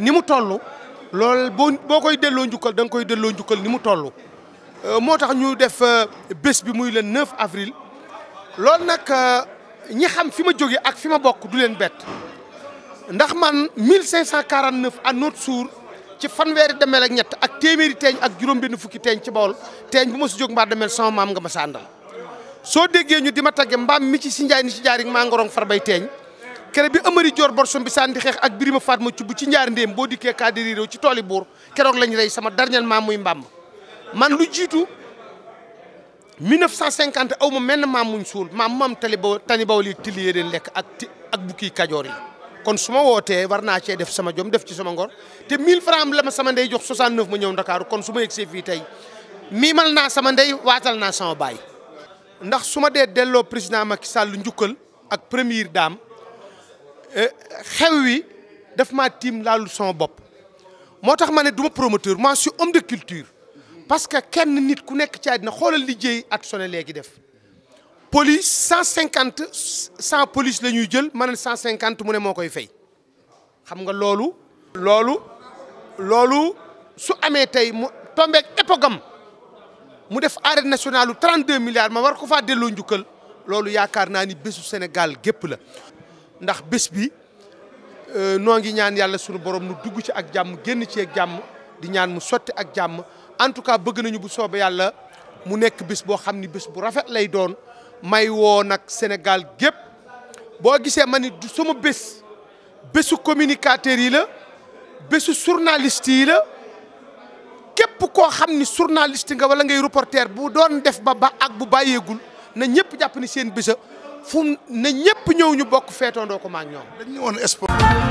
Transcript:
ni mu toll lool boo boo koy delloo njukkal da nga koy delloo njukkal ni mu tollu euh, moo tax ñu def euh, bés bi muy leen 9 avril loolu nag euh, ñi xam fi ma jóge ak fi ma bokk du leen bett ndax man 1549 à notre sour ci fanweeri demeel ak ñett ak téeméeri teeñ ak juróom-benn fukki teeñ ci bawol teeñ bu ma si jóg mbaa demel sama maam nga ma sa àndal soo déggee ñu di ma tagge mbaam mi ci si njaay ni ci jaarik maa ngorong bay teeñ kere bi amari joor borsom bi sandi xeex ak birima Fatma cubb ci njaar ndéem boo dikkee kaddi réew ci tooli buur keroog lañ rey sama dernier maam muy mbàmm man lu jiitu 1950 aw ma menn maam muñ suul maam maam tali ba tani bawal yi tili yee leen lekk ak ak bukki kajoor yi kon su ma wootee war naa cee def sama jom def ci sama ngor te 1000 francs la ma sama ndey jox 69 ma ñëw ndakaaru kon su ma yegsee fii tey miimal naa sama ndey waatal naa sama baay ndax su ma dee delloo président Macky Sall njukkal ak première dame Euh, xew wi daf ma tiim laalu sama bopp moo tax mané ne du promoteur moi je suis homme de culture parce que kenn nit ku nekk ci àddina xoolal liggéey ak sone léegi def police 150, cinquante police la ñuy jël ma ne cent cinquante mu ne moo koy fay xam nga loolu loolu loolu su amee tey mu tombeek épogam mu def arène nationale 32 milliards ma war ko faa delloo njukkal loolu yaakaar naa ni bésu Sénégal gépp la ndax bés bi euh, noo ngi ñaan yàlla sunu borom nu dugg ci ak jàmm génn ci ak jàmm di ñaan mu sotti ak jàmm en tout cas bëgg nañu bu soobee yàlla mu nekk bés boo xam ni bés bu rafet lay doon may woo nag Sénégal gépp boo gisee ma ni du sama bés bésu communicateurs yi la bésu journaliste yi la képp koo xam ni journaliste nga wala ngay reporter bu doon def ba ba ak bu bàyyeegul na ñëpp jàpp ni seen bésa fu ne ñëpp ñëw ñu bokk feetoondoo ko maak ñoom dañ woon espoir